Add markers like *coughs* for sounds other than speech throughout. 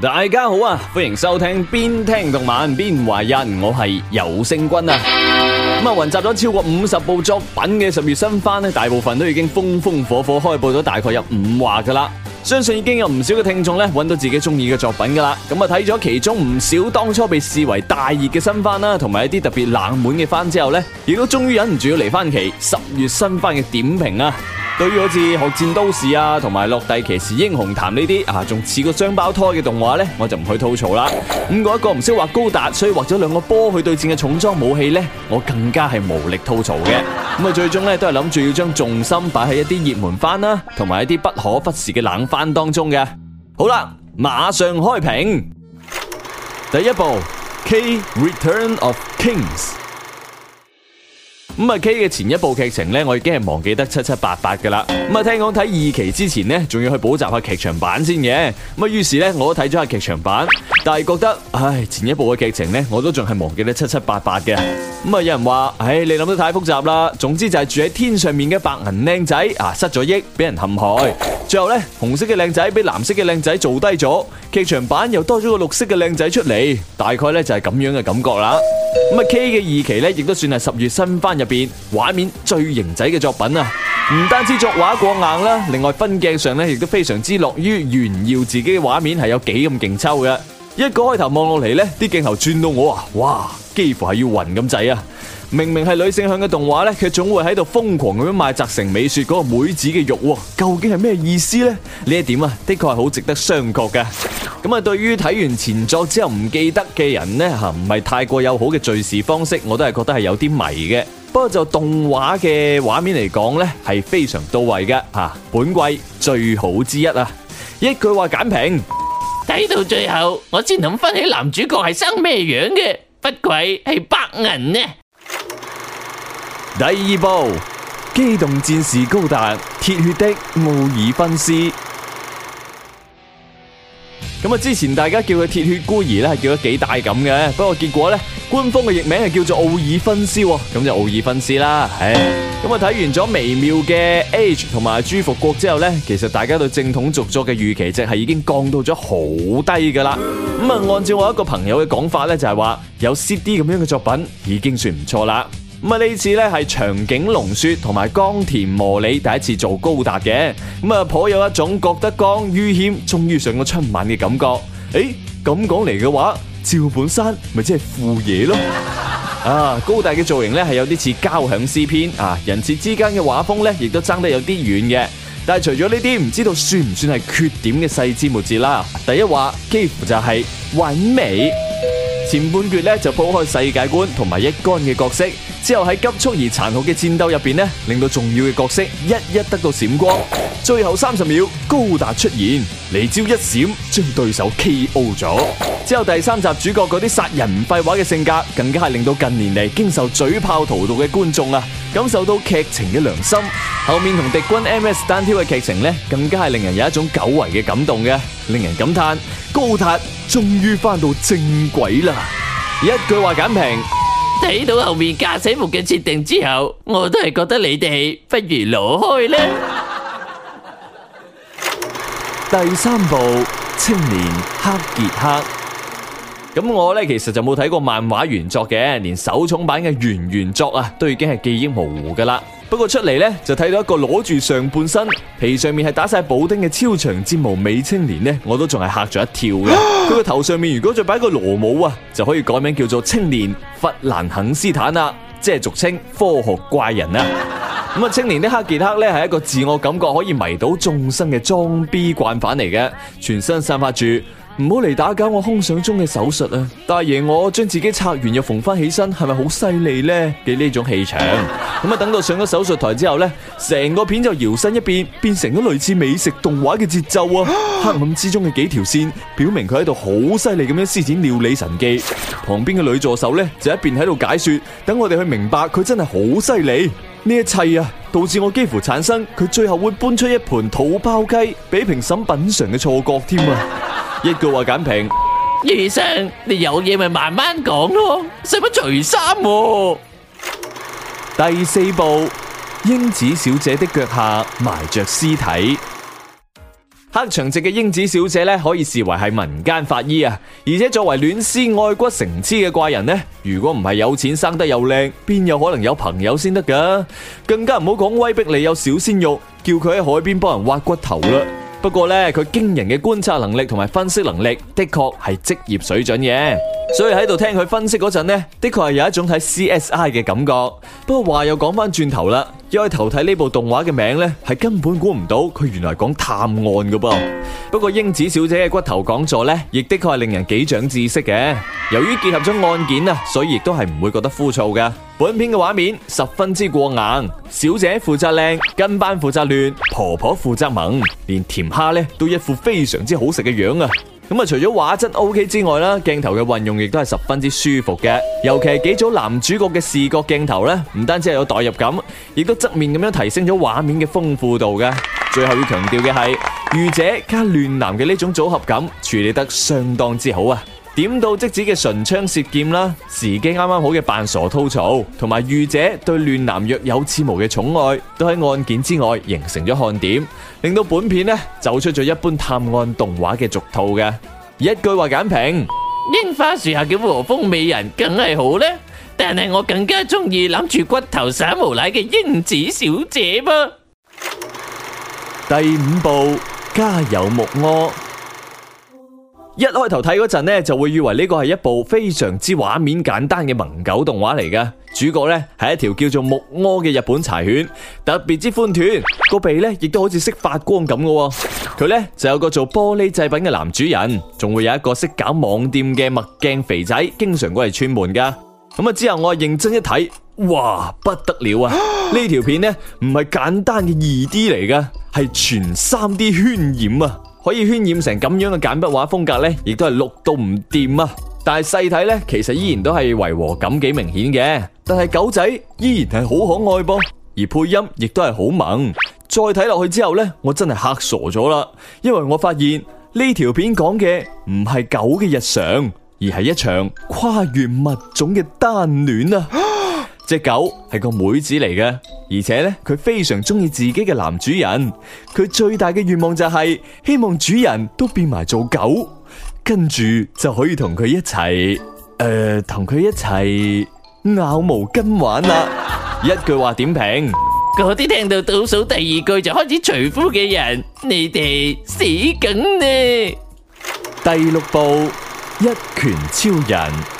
大家好啊！歡迎收聽邊聽動漫邊懷人，我係游勝君啊。咁啊，雲 *music* 集咗超過五十部作品嘅十月新番呢，大部分都已經風風火火開播咗，大概有五話噶啦。相信已經有唔少嘅聽眾呢，揾到自己中意嘅作品噶啦。咁啊，睇咗其中唔少當初被視為大熱嘅新番啦，同埋一啲特別冷門嘅番之後呢，亦都終於忍唔住要嚟翻期十月新番嘅點評啊！對於好似《學戰都市啊》啊，同埋《落地騎士英雄談》呢啲啊，仲似個雙胞胎嘅動畫呢，我就唔去吐槽啦。咁嗰一個唔識畫高達，所以畫咗兩個波去對戰嘅重裝武器呢，我更加係無力吐槽嘅。咁啊，最終呢，都係諗住要將重心擺喺一啲熱門番啦，啊，同埋一啲不可忽視嘅冷番當中嘅。好啦，馬上開屏，第一步 K Return of Kings》。咁啊 K 嘅前一部劇情呢，我已經係忘記得七七八八㗎喇。咁啊聽講睇二期之前呢，仲要去補習下劇場版先嘅。咁啊於是呢，我都睇咗下劇場版，但係覺得唉，前一部嘅劇情呢，我都仲係忘記得七七八八嘅。咁啊！有人話，唉，你諗得太複雜啦。總之就係住喺天上面嘅白銀靚仔啊，失咗憶，俾人陷害。最後呢，紅色嘅靚仔俾藍色嘅靚仔做低咗。劇場版又多咗個綠色嘅靚仔出嚟，大概呢就係、是、咁樣嘅感覺啦。咁啊 *music* ，K 嘅二期呢，亦都算係十月新番入邊畫面最型仔嘅作品啊。唔單止作畫過硬啦，另外分鏡上呢，亦都非常之樂於炫耀自己嘅畫面係有幾咁勁抽嘅。一個開頭望落嚟呢啲鏡頭轉到我啊，哇！幾乎係要暈咁滯啊！明明係女性向嘅動畫呢，佢總會喺度瘋狂咁樣賣澤城美雪嗰個妹子嘅肉、哦，究竟係咩意思呢？呢一點啊，的確係好值得商榷嘅。咁啊，對於睇完前作之後唔記得嘅人呢，吓唔係太過友好嘅敘事方式，我都係覺得係有啲迷嘅。不過就動畫嘅畫面嚟講呢，係非常到位嘅。吓、啊，本季最好之一啊！一句話簡評：睇到最後，我先諗翻起男主角係生咩樣嘅。不愧係白銀呢。第二部《機動戰士高達：鐵血的奧爾芬斯》。咁啊，之前大家叫佢《鐵血孤兒》咧，係叫咗幾大咁嘅。不過結果咧，官方嘅譯名係叫做《奧爾芬斯》喎，咁就《奧爾芬斯》啦，哎。唉，咁啊，睇完咗微妙嘅《AGE》同埋《G 復國》之後咧，其實大家對正統續作嘅預期值係已經降到咗好低噶啦。咁、嗯、啊，按照我一個朋友嘅講法咧，就係話有 CD 咁樣嘅作品已經算唔錯啦。咁啊！呢次咧係長井龍雪同埋岡田麿里第一次做高達嘅，咁啊頗有一種覺得剛于謙終於上咗春晚嘅感覺。誒、欸，咁講嚟嘅話，趙本山咪即係富嘢咯？啊，高達嘅造型咧係有啲似交響詩篇啊，人設之間嘅畫風咧亦都爭得有啲遠嘅。但係除咗呢啲，唔知道算唔算係缺點嘅細枝末節啦。第一話幾乎就係穩美，前半月咧就鋪開世界觀同埋一干嘅角色。之後喺急速而殘酷嘅戰鬥入邊呢，令到重要嘅角色一一得到閃光。最後三十秒，高達出現，離招一閃將對手 K O 咗。之後第三集主角嗰啲殺人唔廢話嘅性格，更加係令到近年嚟，經受嘴炮荼毒嘅觀眾啊，感受到劇情嘅良心。後面同敵軍 M S 單挑嘅劇情呢，更加係令人有一種久違嘅感動嘅，令人感嘆高達終於返到正軌啦。一句話簡評。睇到後面駕駛模嘅設定之後，我都係覺得你哋不如攞開啦。 *laughs* *laughs* 第三部，青年黑傑克。咁我咧其實就冇睇過漫畫原作嘅，連首重版嘅原原作啊都已經係記憶模糊噶啦。不過出嚟呢，就睇到一個攞住上半身皮上面係打晒補丁嘅超長睫毛美青年呢，我都仲係嚇咗一跳嘅。佢個頭上面如果再擺個螺帽啊，就可以改名叫做青年弗蘭肯斯坦啦，即係俗稱科學怪人啊。咁啊，青年的黑傑克呢，係一個自我感覺可以迷倒眾生嘅裝逼慣犯嚟嘅，全身散發住。唔好嚟打攪我空想中嘅手術啊！大爺，我將自己拆完又縫翻起身，係咪好犀利呢？嘅呢種氣場咁啊！等到上咗手術台之後呢，成個片就搖身一變，變成咗類似美食動畫嘅節奏啊！黑暗之中嘅幾條線，表明佢喺度好犀利咁樣施展料理神技。旁邊嘅女助手呢，就一邊喺度解說，等我哋去明白佢真係好犀利。呢一切啊，導致我幾乎產生佢最後會搬出一盤土包雞俾評審品嘗嘅錯覺添啊！一句話簡評：醫生，你有嘢咪慢慢講咯，使乜除衫？第四部，櫻子小姐的腳下埋着屍體。黑長直嘅櫻子小姐咧，可以視為係民間法醫啊！而且作為戀屍愛骨成痴嘅怪人呢，如果唔係有錢生得又靚，邊有可能有朋友先得噶？更加唔好講威逼你有小鮮肉，叫佢喺海邊幫人挖骨頭啦！不過呢，佢驚人嘅觀察能力同埋分析能力的確係職業水準嘅，所以喺度聽佢分析嗰陣呢，的確係有一種睇 CSI 嘅感覺。不過話又講返轉頭啦。一開頭睇呢部動畫嘅名咧，係根本估唔到佢原來講探案㗎噃。不過英子小姐嘅骨頭講座咧，亦的確係令人幾長知識嘅。由於結合咗案件啊，所以亦都係唔會覺得枯燥㗎。本片嘅畫面十分之過硬，小姐負責靚，跟班負責亂，婆婆負責萌，連甜蝦咧都一副非常之好食嘅樣啊！除咗畫質 O K 之外啦，鏡頭嘅運用亦都係十分之舒服嘅，尤其係幾組男主角嘅視覺鏡頭咧，唔單止係有代入感，亦都側面咁樣提升咗畫面嘅豐富度嘅。最後要強調嘅係，御姐加暖男嘅呢種組合感，處理得相當之好啊！點到即止嘅唇槍舌劍啦，時機啱啱好嘅扮傻吐槽，同埋御姐對亂男若有似無嘅寵愛，都喺案件之外形成咗看點，令到本片呢走出咗一般探案動畫嘅俗套嘅。一句話簡評：櫻花樹下嘅和風美人梗係好呢，但係我更加中意攬住骨頭耍無賴嘅櫻子小姐噃。第五部加油木屋。一開頭睇嗰陣咧，就會以為呢個係一部非常之畫面簡單嘅萌狗動畫嚟噶。主角咧係一條叫做木柯嘅日本柴犬，特別之歡脫，個鼻咧亦都好似識發光咁噶喎。佢咧就有個做玻璃製品嘅男主人，仲會有一個識搞網店嘅墨鏡肥仔，經常過嚟串門噶。咁啊之後我啊認真一睇，哇不得了啊！呢條 *coughs* 片呢，唔係簡單嘅 2D 嚟噶，係全 3D 渲染啊！可以渲染成咁樣嘅簡筆畫風格呢，亦都係錄到唔掂啊！但係細睇呢，其實依然都係違和感幾明顯嘅，但係狗仔依然係好可愛噃、啊，而配音亦都係好萌。再睇落去之後呢，我真係吓傻咗啦，因為我發現呢條片講嘅唔係狗嘅日常，而係一場跨越物種嘅單戀啊！隻狗係個妹子嚟嘅，而且咧佢非常中意自己嘅男主人，佢最大嘅願望就係希望主人都變埋做狗，跟住就可以同佢一齊誒，同佢一齊咬毛巾玩啦。一句話點評：嗰啲聽到倒數第二句就開始除夫嘅人，你哋死梗呢？第六部一拳超人。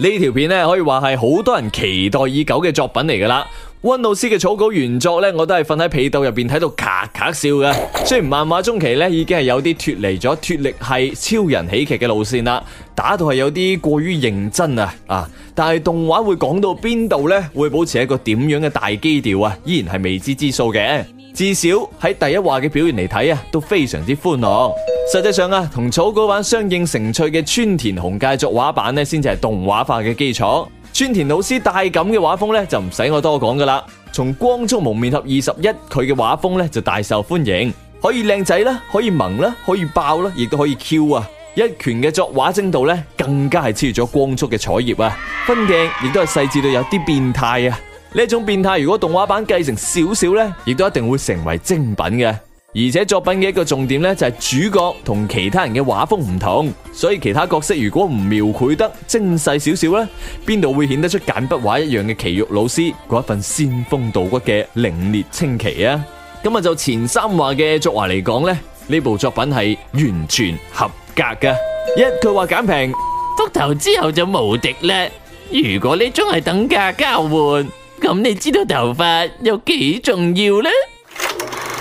呢條片咧可以話係好多人期待已久嘅作品嚟噶啦，ONE 老師嘅草稿原作咧我都係瞓喺被竇入邊睇到咔咔笑嘅。雖然漫畫中期咧已經係有啲脱離咗脱力係超人喜劇嘅路線啦，打到係有啲過於認真啊啊！但係動畫會講到邊度呢？會保持一個點樣嘅大基調啊，依然係未知之數嘅。至少喺第一話嘅表現嚟睇啊，都非常之歡樂。實際上啊，同草稿版相映成趣嘅村田雄介作畫版呢，先至係動畫化嘅基礎。村田老師帶感嘅畫風呢，就唔使我多講噶啦。從光速蒙面俠二十一佢嘅畫風呢，就大受歡迎，可以靚仔啦，可以萌啦，可以爆啦，亦都可以 Q 啊！一拳嘅作畫精度呢，更加係超越咗光速嘅彩頁啊！分鏡亦都係細致到有啲變態啊！呢一種變態如果動畫版繼承少少呢，亦都一定會成為精品嘅。而且作品嘅一個重點呢，就係主角同其他人嘅畫風唔同，所以其他角色如果唔描繪得精細少少呢，邊度會顯得出簡筆畫一樣嘅奇玉老師嗰一份仙風道骨嘅凌冽清奇啊！咁啊就前三話嘅作畫嚟講呢，呢部作品係完全合格嘅。一句話簡評禿 *music* 頭之後就無敵啦，如果呢種係等價交換。咁你知道頭髮有幾重要呢？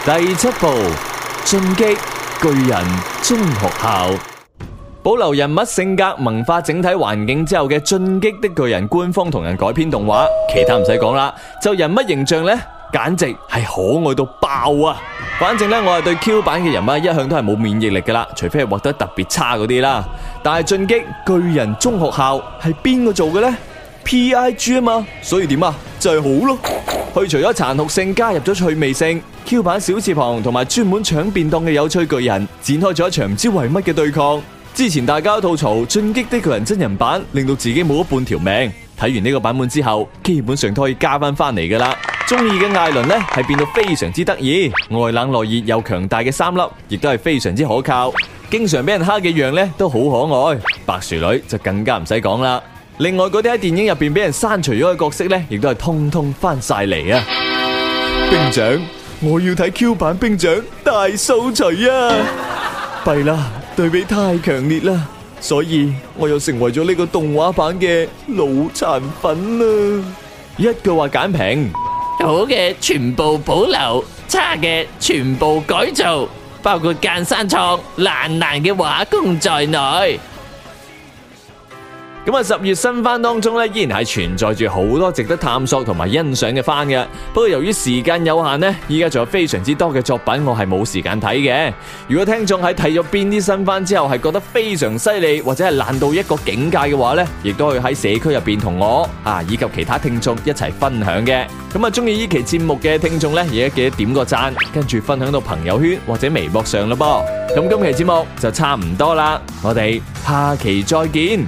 第七部《進擊巨人》中學校保留人物性格、文化、整體環境之後嘅《進擊的巨人》官方同人改編動畫，其他唔使講啦。就人物形象呢，簡直係可愛到爆啊！反正呢，我係對 Q 版嘅人物一向都係冇免疫力噶啦，除非係畫得特別差嗰啲啦。但係《進擊巨人》中學校係邊個做嘅呢？P.I.G. 啊嘛，所以點啊，就係、是、好咯。去除咗殘酷性，加入咗趣味性。Q 版小翅膀同埋專門搶便當嘅有趣巨人，展開咗一場唔知為乜嘅對抗。之前大家吐槽進擊嘅巨人真人版，令到自己冇咗半條命。睇完呢個版本之後，基本上都可以加翻翻嚟噶啦。中意嘅艾倫呢係變到非常之得意，外冷內熱又強大嘅三粒，亦都係非常之可靠。經常俾人蝦嘅樣呢都好可愛。白薯女就更加唔使講啦。另外嗰啲喺電影入邊俾人刪除咗嘅角色咧，亦都係通通翻晒嚟啊！兵長，我要睇 Q 版兵長大掃除啊！弊啦， *laughs* 對比太強烈啦，所以我又成為咗呢個動畫版嘅腦殘粉啦！一句話簡評：好嘅全部保留，差嘅全部改造，包括諫山創爛爛嘅畫工在內。咁啊！十月新番當中咧，依然係存在住好多值得探索同埋欣賞嘅番嘅。不過由於時間有限呢，依家仲有非常之多嘅作品，我係冇時間睇嘅。如果聽眾喺睇咗邊啲新番之後係覺得非常犀利或者係爛到一個境界嘅話呢，亦都可以喺社區入邊同我啊以及其他聽眾一齊分享嘅。咁啊，中意呢期節目嘅聽眾呢，而家記得點個讚，跟住分享到朋友圈或者微博上咯噃。咁今期節目就差唔多啦，我哋下期再見。